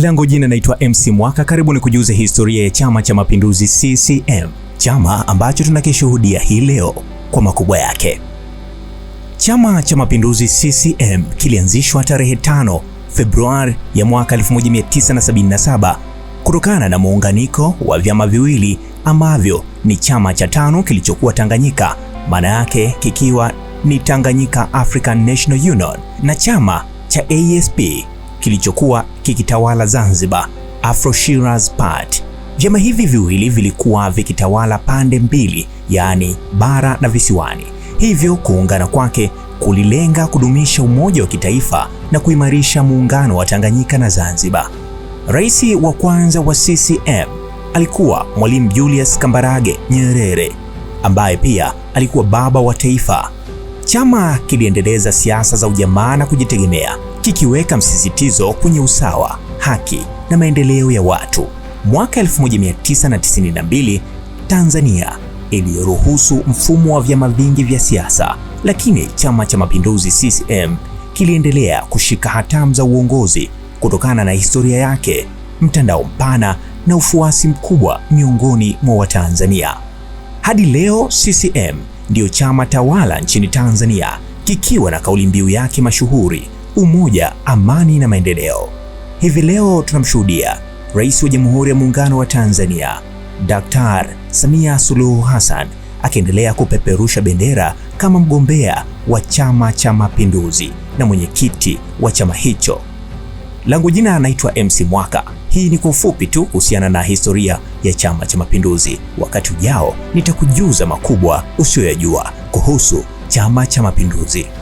lango jina naitwa MC Mwaka, karibu ni kujuze historia ya Chama cha Mapinduzi CCM, chama ambacho tunakishuhudia hii leo kwa makubwa yake. Chama cha Mapinduzi CCM kilianzishwa tarehe 5 Februari ya mwaka 1977 kutokana na muunganiko wa vyama viwili ambavyo ni chama cha tano kilichokuwa Tanganyika, maana yake kikiwa ni Tanganyika African National Union na chama cha ASP kilichokuwa kikitawala Zanzibar, Afro Shirazi Party. Vyama hivi viwili vilikuwa vikitawala pande mbili, yaani bara na visiwani, hivyo kuungana kwake kulilenga kudumisha umoja wa kitaifa na kuimarisha muungano wa Tanganyika na Zanzibar. Rais wa kwanza wa CCM alikuwa Mwalimu Julius Kambarage Nyerere ambaye pia alikuwa baba wa taifa. Chama kiliendeleza siasa za ujamaa na kujitegemea kikiweka msisitizo kwenye usawa, haki na maendeleo ya watu. Mwaka 1992 Tanzania iliyoruhusu mfumo wa vyama vingi vya siasa, lakini Chama cha Mapinduzi CCM kiliendelea kushika hatamu za uongozi kutokana na historia yake, mtandao mpana na ufuasi mkubwa miongoni mwa Watanzania. Hadi leo CCM ndiyo chama tawala nchini Tanzania kikiwa na kauli mbiu yake mashuhuri umoja, amani na maendeleo. Hivi leo tunamshuhudia Rais wa Jamhuri ya Muungano wa Tanzania Dr. Samia Suluhu Hassan akiendelea kupeperusha bendera kama mgombea wa Chama cha Mapinduzi na mwenyekiti wa chama hicho. Langu jina anaitwa MC Mwaka. Hii ni kwa ufupi tu kuhusiana na historia ya Chama cha Mapinduzi. Wakati ujao nitakujuza makubwa usiyoyajua kuhusu Chama cha Mapinduzi.